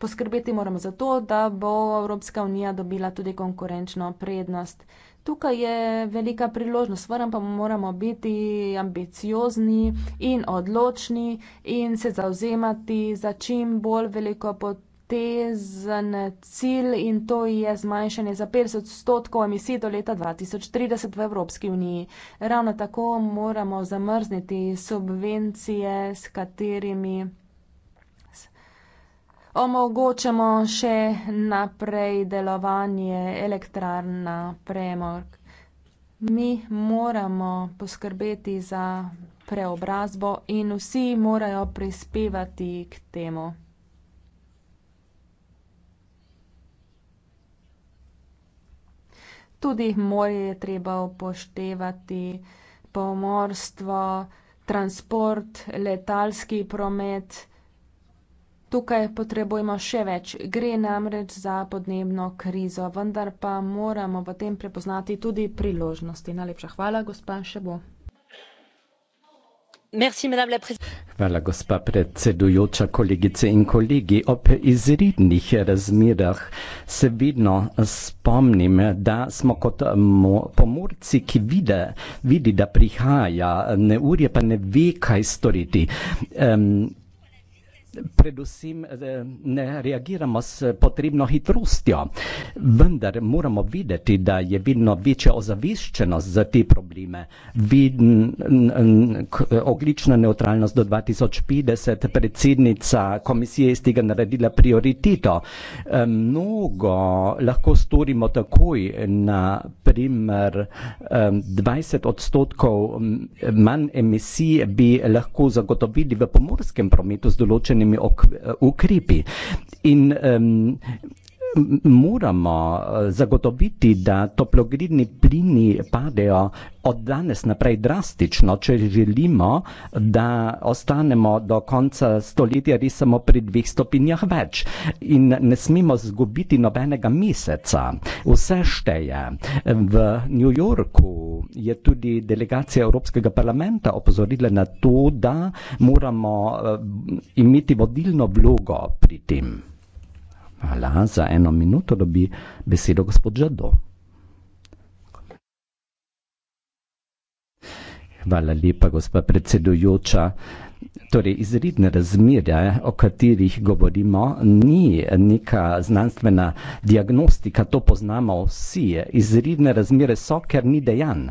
Poskrbeti moramo za to, da bo Evropska unija dobila tudi konkurenčno prednost. Tukaj je velika priložnost, vrem pa moramo biti ambiciozni in odločni in se zauzemati za čim bolj veliko potencijal zavezan cilj in to je zmanjšanje za 50 odstotkov emisij do leta 2030 v Evropski uniji. Ravno tako moramo zamrzniti subvencije, s katerimi omogočamo še naprej delovanje elektrarn na premog. Mi moramo poskrbeti za preobrazbo in vsi morajo prispevati k temu. tudi morje je treba upoštevati, pomorstvo, transport, letalski promet. Tukaj potrebujemo še več. Gre namreč za podnebno krizo, vendar pa moramo v tem prepoznati tudi priložnosti. Najlepša hvala, gospa Šebo. Madame la Hvala, gospa predsedujoča, kolegice in kolegi. Ob izrednih razmerah se vedno spomnim, da smo kot pomorci, ki vide, vidi, da prihaja neurje, pa ne ve, kaj storiti. Um, predvsem eh, ne reagiramo s potrebno hitrostjo. Vendar moramo videti, da je vedno večja ozaveščenost za te probleme. Oglična neutralnost do 2050, predsednica komisije je iz tega naredila prioriteto. Eh, mnogo lahko storimo takoj, naprimer 20 eh, odstotkov manj emisij bi lahko zagotovili v pomorskem prometu z določenim določenimi ukrepi. In um, moramo eh, zagotoviti, da toplogridni plini padejo od danes naprej drastično, če želimo, da ostanemo do konca stoletja res samo pri dveh stopinjah več. In ne smemo zgubiti nobenega meseca. Vse šteje. V New Yorku je tudi delegacija Evropskega parlamenta opozorila na to, da moramo eh, imeti vodilno vlogo pri tem. Hvala, za eno minuto dobi besedo gospod Žado. Hvala lepa, gospa predsedujoča. Torej, izredne razmerja, o katerih govorimo, ni neka znanstvena diagnostika, to poznamo vsi. Izredne razmere so, ker ni dejanj,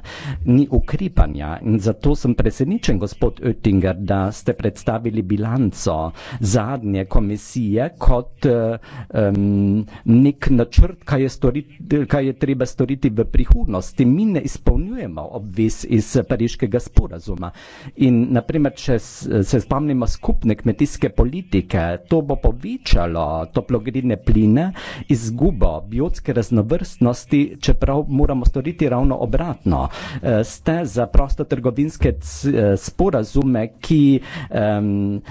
ni ukrepanja. In zato sem presenečen, gospod Oettinger, da ste predstavili bilanco zadnje komisije kot um, nek načrt, kaj je, storiti, kaj je treba storiti v prihodnosti. Mi ne izpolnjujemo obvez iz Pariškega sporazuma. In, naprimer, čez, se spomnimo skupne kmetijske politike, to bo povečalo toplogredne pline, izgubo biotske raznovrstnosti, čeprav moramo storiti ravno obratno. E, ste za prostotrgovinske e, sporazume, ki um,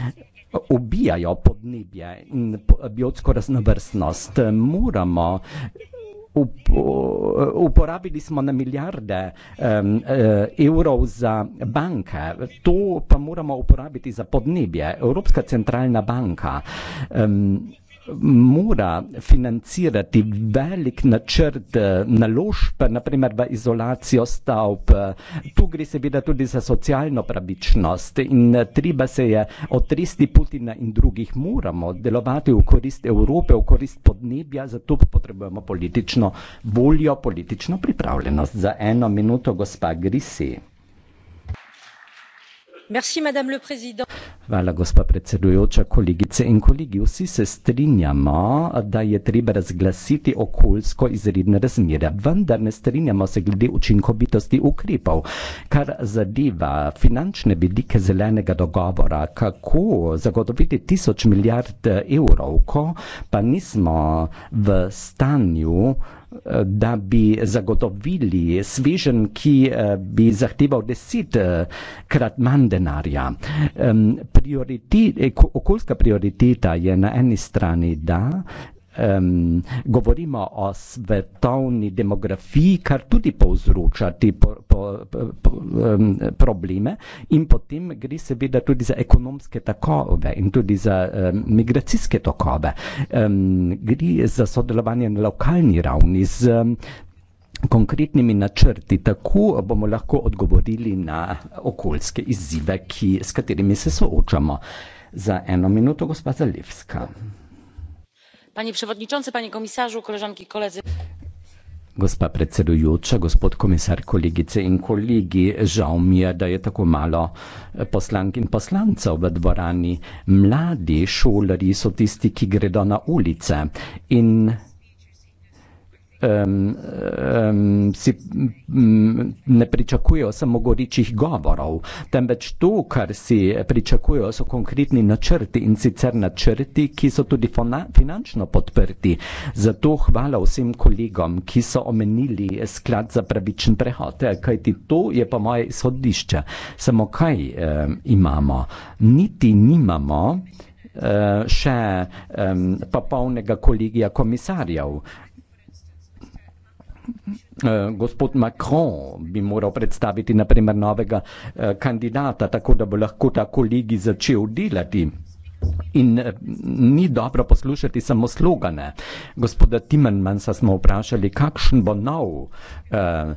ubijajo podnebje in biotsko raznovrstnost, moramo Uh, uporabili smo na milijarde um, uh, evrov za banke, to pa moramo uporabiti za podnebje. Evropska centralna banka um, mora financirati velik načrt eh, naložb, naprimer v izolacijo stavb. Tu gre seveda tudi za socialno pravičnost in eh, treba se je otresti Putina in drugih. Moramo delovati v korist Evrope, v korist podnebja, zato potrebujemo politično voljo, politično pripravljenost. Za eno minuto, gospa Grisi. Hvala, gospa predsedujoča, kolegice in kolegi. Vsi se strinjamo, da je treba razglasiti okoljsko izredne razmere, vendar ne strinjamo se glede učinkovitosti ukrepov. Kar zadeva finančne vidike zelenega dogovora, kako zagotoviti tisoč milijard evrov, ko pa nismo v stanju uh, da bi zagotovili svežen, ki eh, bi zahteval desetkrat eh, manj denarja. Prioriti, okoljska prioriteta je na eni strani, da um, govorimo o svetovni demografiji, kar tudi povzroča te po, po, po, um, probleme in potem gre seveda tudi za ekonomske takove in tudi za um, migracijske tokove. Um, gre za sodelovanje na lokalni ravni z um, konkretnimi načrti, tako bomo lahko odgovorili na okoljske izzive, ki, s katerimi se soočamo. Za eno minuto, gospa Zalevska. Okay panie przewodniczący panie komisarzu koleżanki i koledzy Gospa predsedujoča, gospod komisar, kolegice in kolegi, žal mi je, da je tako malo eh, poslank in poslancev v dvorani. Mladi šolari so tisti, ki gredo na ulice in um, um, si um, ne pričakujejo samo goričih govorov, temveč to, kar si pričakujejo, so konkretni načrti in sicer načrti, ki so tudi finančno podprti. Zato hvala vsem kolegom, ki so omenili sklad za pravičen prehod, eh, kajti to je pa moje izhodišče. Samo kaj um, imamo? Niti nimamo. Eh, še um, popolnega kolegija komisarjev. Eh, gospod Macron bi moral predstaviti naprimer novega eh, kandidata, tako da bo lahko ta kolegi začel delati. In eh, ni dobro poslušati samo slogane. Gospoda Timmermansa smo vprašali, kakšen bo nov eh,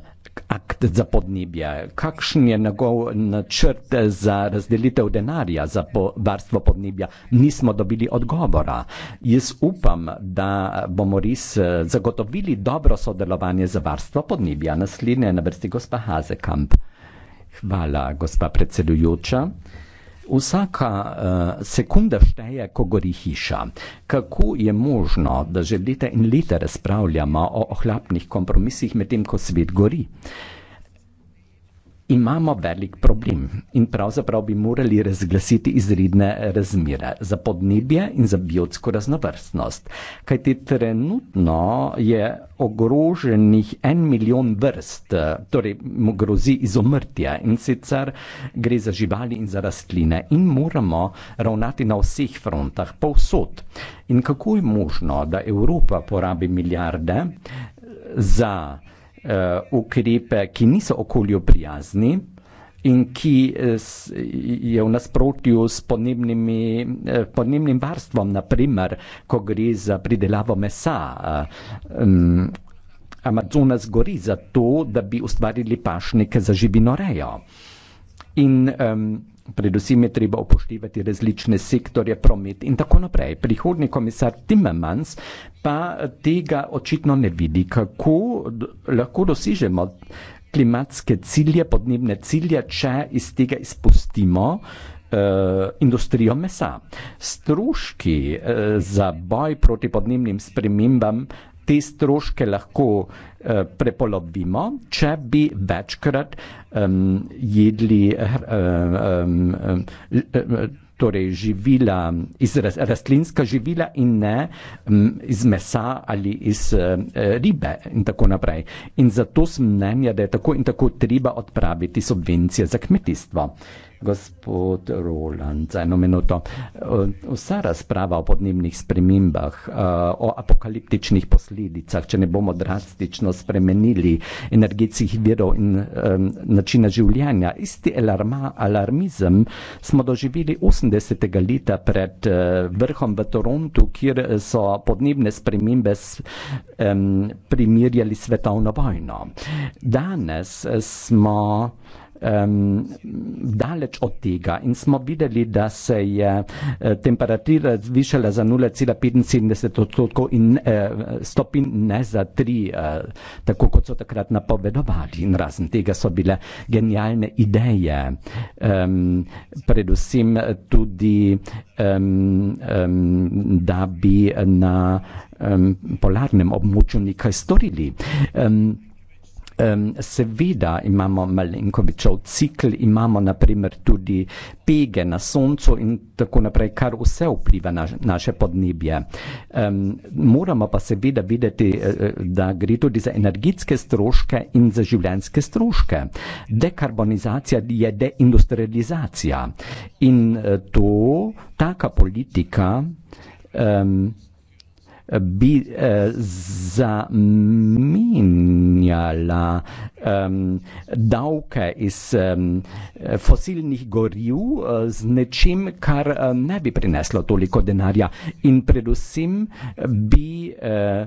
akt za podnebje, kakšen je njegov načrt za razdelitev denarja za po, varstvo podnebja. Nismo dobili odgovora. Jaz upam, da bomo res eh, zagotovili dobro sodelovanje za varstvo podnebja. Naslednja je na vrsti gospa Hazekamp. Hvala, gospa predsedujoča. Vsaka uh, sekunda šteje, ko gori hiša. Kako je možno, da že leta in leta razpravljamo o ohlapnih kompromisih, medtem ko svet gori? Uh, imamo velik problem in pravzaprav bi morali razglasiti izredne razmere za podnebje in za biotsko raznovrstnost. Kaj ti trenutno je ogroženih en milijon vrst, torej mu grozi izomrtje in sicer gre za živali in za rastline in moramo ravnati na vseh frontah, povsod. In kako je možno, da Evropa porabi milijarde za uh, ukrepe, ki niso okolju prijazni in ki eh, je v nasprotju s podnebnimi, eh, podnebnim varstvom, naprimer, ko gre za pridelavo mesa. Um, Amazonas gori za to, da bi ustvarili pašnike za živinorejo. In um, predvsem je treba upoštevati različne sektorje, promet in tako naprej. Prihodni komisar Timmermans pa tega očitno ne vidi, kako lahko dosežemo klimatske cilje, podnebne cilje, če iz tega izpustimo eh, industrijo mesa. Stroški eh, za boj proti podnebnim spremembam te stroške lahko eh, prepolovimo, če bi večkrat eh, jedli eh, eh, torej živila, iz rastlinska živila in ne eh, iz mesa ali iz eh, ribe in tako naprej. In zato sem mnenja, da je tako in tako treba odpraviti subvencije za kmetijstvo gospod Roland, za eno minuto. Eh, vsa razprava o podnebnih spremembah, eh, o apokaliptičnih posledicah, če ne bomo drastično spremenili energetskih virov in um, načina življenja, isti alarma, alarmizem smo doživeli 80. leta pred uh, vrhom v Torontu, kjer so podnebne spremembe s, um, primirjali svetovno vojno. Danes smo um, daleč od tega. In smo videli, da se je eh, temperatura zvišala za 0,75 odstotkov in eh, stopin ne za 3, eh, tako kot so takrat napovedovali. In razen tega so bile genialne ideje, um, predvsem tudi, um, um, da bi na um, polarnem območju nekaj storili. Um, um, seveda imamo malenkovičev cikl, imamo naprimer tudi pege na soncu in tako naprej, kar vse vpliva na naše podnebje. Um, moramo pa seveda videti, e, e, da gre tudi za energetske stroške in za življenjske stroške. Dekarbonizacija je deindustrializacija in e, to taka politika. Um, bi eh, zamenjala eh, davke iz eh, fosilnih goriv eh, z nečim, kar eh, ne bi prineslo toliko denarja in predvsem bi eh, eh,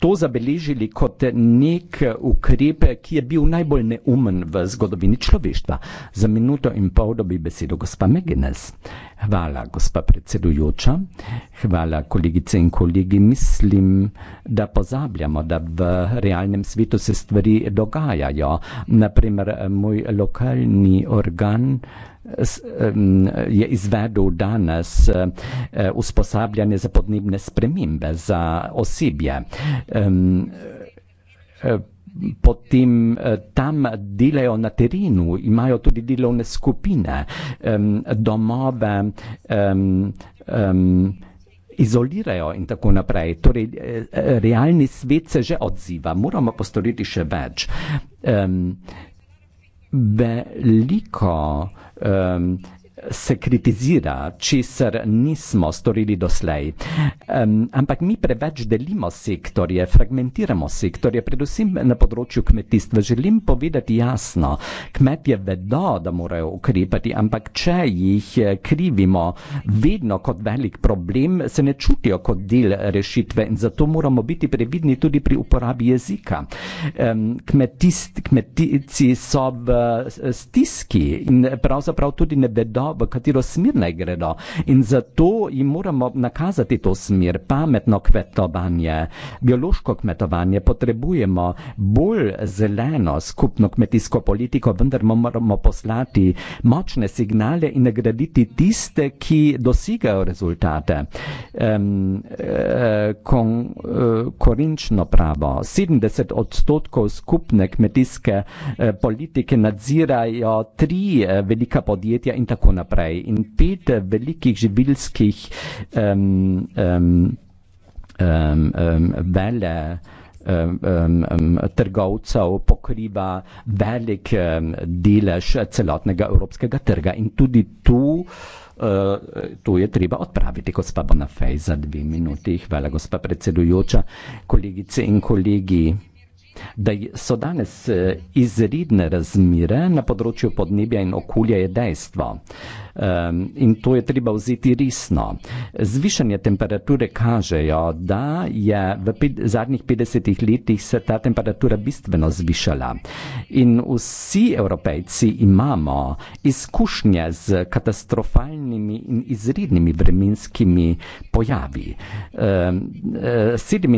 To zabeležili kot nek ukrep, ki je bil najbolj neumen v zgodovini človeštva. Za minuto in pol dobi besedo gospa Megines. Hvala, gospa predsedujoča. Hvala, kolegice in kolegi. Mislim, da pozabljamo, da v realnem svetu se stvari dogajajo. Naprimer, moj lokalni organ je izvedel danes eh, usposabljanje za podnebne spremembe, za osebje. Eh, potem eh, tam delajo na terenu, imajo tudi delovne skupine, domove, izolirajo in tako naprej. Torej, eh, eh, realni svet se že odziva, moramo postoriti še več. Veliko se kritizira, česar nismo storili doslej. Um, ampak mi preveč delimo sektorje, fragmentiramo sektorje, predvsem na področju kmetijstva. Želim povedati jasno, kmetje vedo, da morajo ukrepati, ampak če jih eh, krivimo vedno kot velik problem, se ne čutijo kot del rešitve in zato moramo biti previdni tudi pri uporabi jezika. Um, kmetist, kmetici so v eh, stiski in pravzaprav tudi ne vedo, v katero smer naj gredo. In zato jim moramo nakazati to smer, pametno kmetovanje, biološko kmetovanje. Potrebujemo bolj zeleno skupno kmetijsko politiko, vendar moramo poslati močne signale in nagraditi tiste, ki dosigajo rezultate. Um, kon, eh, korinčno pravo. 70 odstotkov skupne kmetijske eh, politike nadzirajo tri velika podjetja in tako naprej naprej. In pet eh, velikih živilskih um, um, um, um, vele. Trgovcev pokriva velik delež celotnega evropskega trga, in tudi tu, eh, tu je treba odpraviti, ko spa bo na fej za dve minuti, hvala, gospa predsedujoča, kolegice in kolegi. Da so danes e, izredne razmire na področju podnebja in okolja, je dejstvo. In to je treba vzeti resno. Zvišanje temperature kažejo, da je v zadnjih 50 letih se ta temperatura bistveno zvišala. In vsi evropejci imamo izkušnje z katastrofalnimi in izrednimi vremenskimi pojavi. 27.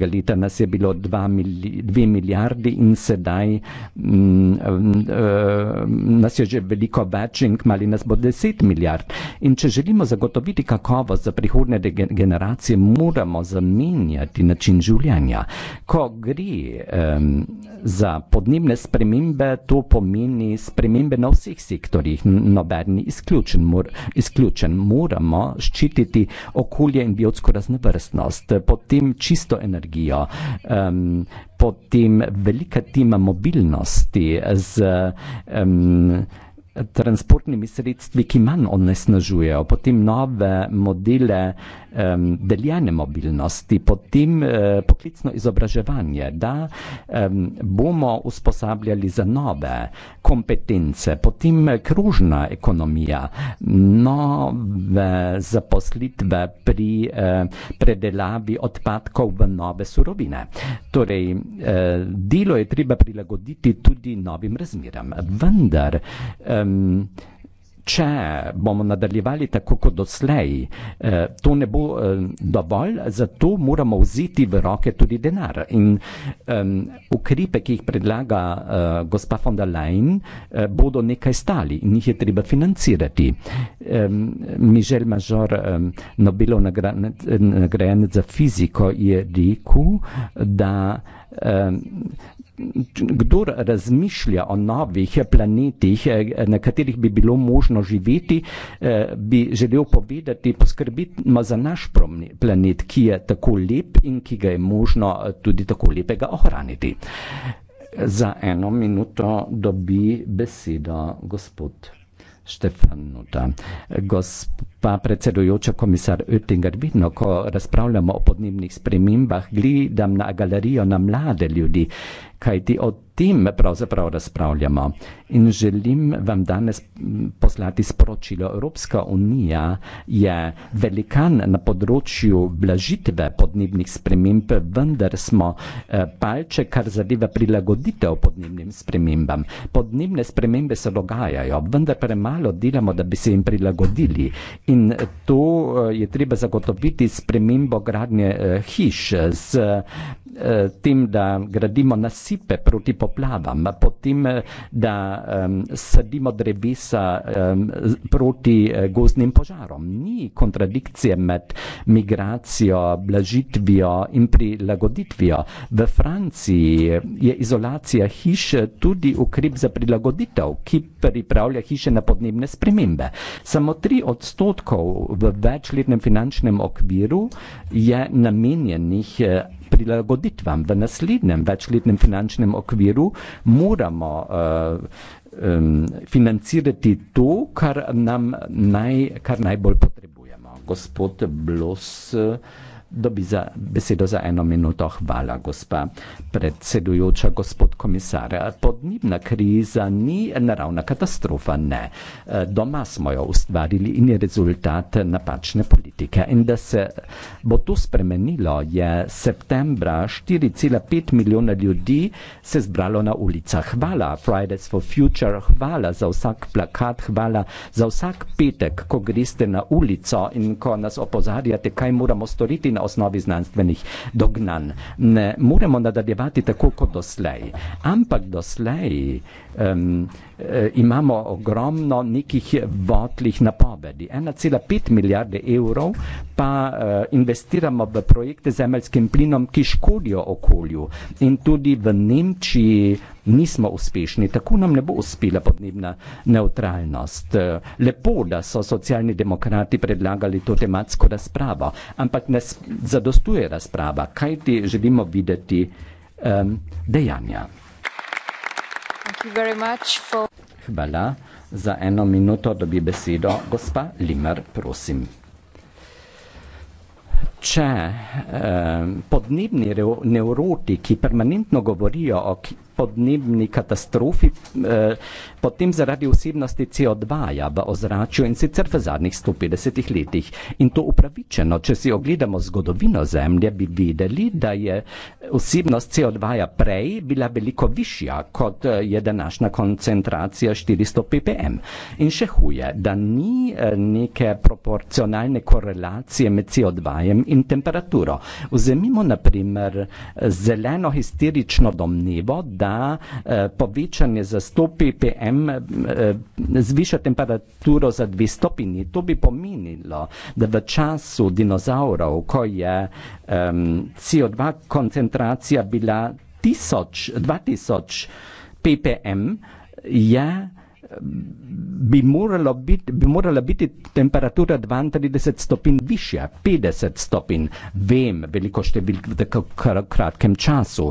E, leta nas je bilo 2 milijona dve milijardi in sedaj mm, eh, nas je že veliko več in kmali nas bo deset milijard. In če želimo zagotoviti kakovost za prihodne generacije, moramo zamenjati način življenja. Ko gre za podnebne spremembe, to pomeni spremembe na vseh sektorjih, noberni izključen. Moramo ščititi okolje in biotsko raznovrstnost, potem čisto energijo, potem velika tema mobilnosti z um, transportnimi sredstvi, ki manj onesnažujejo, potem nove modele um, deljene mobilnosti, potem uh, poklicno izobraževanje, da um, bomo usposabljali za nove kompetence, potem eh, kružna ekonomija, nove zaposlitve pri uh, predelavi odpadkov v nove surovine. Torej, uh, delo je treba prilagoditi tudi novim razmeram. Vendar um, če bomo nadaljevali tako kot doslej, eh, to ne bo eh, dovolj, zato moramo vzeti v roke tudi denar. In ukripe, ki jih predlaga eh, gospa von der Leyen, bodo nekaj stali in jih je treba financirati. Mižel Major, Nobelov nagrajenec za fiziko, je rekel, da Kdor razmišlja o novih planetih, eh, na katerih bi bilo možno živeti, eh, bi želel povedati, poskrbiti za naš planet, ki je tako lep in ki ga je možno eh, tudi tako lepega ohraniti. Za eno minuto dobi besedo gospod Štefanuta. Gospa predsedujoča komisar Oettinger, vidno, ko razpravljamo o podnebnih spremembah, gledam na galerijo na mlade ljudi kaj ti o tem pravzaprav razpravljamo. In želim vam danes poslati sporočilo. Evropska unija je velikan na področju blažitve podnebnih sprememb, vendar smo eh, palče, kar zadeva prilagoditev podnebnim spremembam. Podnebne spremembe se dogajajo, vendar premalo delamo, da bi se jim prilagodili. In to eh, je treba zagotoviti spremembo gradnje eh, hiš, s tem, da gradimo nas precipe proti poplavam, potem eh, da um, sedimo drevesa um, proti eh, gozdnim požarom. Ni kontradikcije med migracijo, blažitvijo in prilagoditvijo. V Franciji je izolacija hiš tudi ukrep za prilagoditev, ki pripravlja hiše na podnebne spremembe. Samo tri odstotkov v večletnem finančnem okviru je namenjenih eh, prilagoditvam v naslednjem večletnem finančnem okviru moramo eh, financirati to, kar nam naj, kar najbolj potrebujemo. Gospod Blos, dobi za besedo za eno minuto. Hvala, gospa predsedujoča, gospod komisar. Podnebna kriza ni naravna katastrofa, ne. Doma smo jo ustvarili in je rezultat napačne politike. In da se bo to spremenilo, je septembra 4,5 milijona ljudi se zbralo na ulicah. Hvala Fridays for Future, hvala za vsak plakat, hvala za vsak petek, ko greste na ulico in ko nas opozarjate, kaj moramo storiti osnovi znanstvenih dognanj. Moramo nadaljevati tako kot doslej. Ampak doslej. Um, Eh, imamo ogromno nekih votlih napovedi. 1,5 milijarde evrov pa eh, investiramo v projekte z zemeljskim plinom, ki škodijo okolju. In tudi v Nemčiji nismo uspešni, tako nam ne bo uspela podnebna neutralnost. Eh, lepo, da so socialni demokrati predlagali to tematsko razpravo, ampak nas zadostuje razprava, kaj ti želimo videti um, dejanja. Hvala. Za eno minuto dobi besedo gospa Limer, prosim. Če eh, podnebni nevroti, ki permanentno govorijo o podnebni katastrofi, eh, potem zaradi vsebnosti CO2 -ja v ozračju in sicer v zadnjih 150 letih. In to upravičeno, če si ogledamo zgodovino Zemlje, bi videli, da je vsebnost CO2 -ja prej bila veliko višja, kot eh, je današnja koncentracija 400 ppm. In še huje, da ni eh, neke proporcionalne korelacije med CO2 in temperaturo. Vzemimo naprimer zeleno histerično domnevo, da da eh, povečanje za 100 ppm eh, zviša temperaturo za dve stopinji. To bi pomenilo, da v času dinozaurov, ko je eh, CO2 koncentracija bila 1000, 2000 ppm, je eh, bi, bit, bi morala biti temperatura 32 stopinj višja, 50 stopinj, vem, veliko številk v tako kr kratkem času.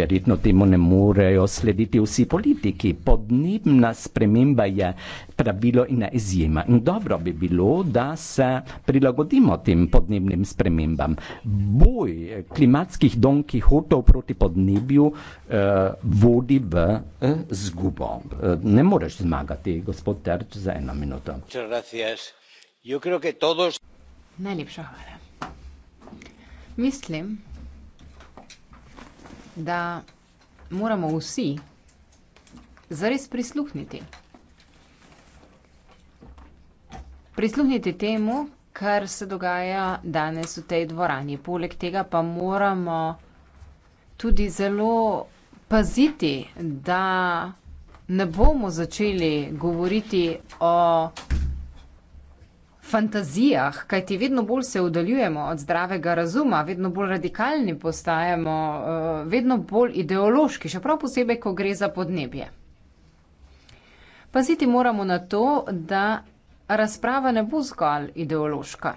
Verjetno temu ne morejo slediti vsi politiki. Podnebna sprememba je pravilo in izjema. In dobro bi bilo, da se prilagodimo tem podnebnim spremembam. Boj klimatskih donkih hotov proti podnebju eh, vodi v eh, zgubo. Eh, ne moreš zmagati, gospod Terč, za eno minuto. Najlepša hvala. Mislim, da moramo vsi zares prisluhniti. Prisluhnite temu, kar se dogaja danes v tej dvorani. Poleg tega pa moramo tudi zelo paziti, da ne bomo začeli govoriti o fantazijah, kajti vedno bolj se udaljujemo od zdravega razuma, vedno bolj radikalni postajamo, eh, vedno bolj ideološki, še prav posebej, ko gre za podnebje. Paziti moramo na to, da razprava ne bo zgolj ideološka.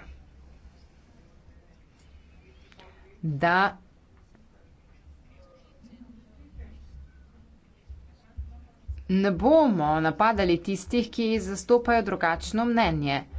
Da ne bomo napadali tistih, ki zastopajo drugačno mnenje.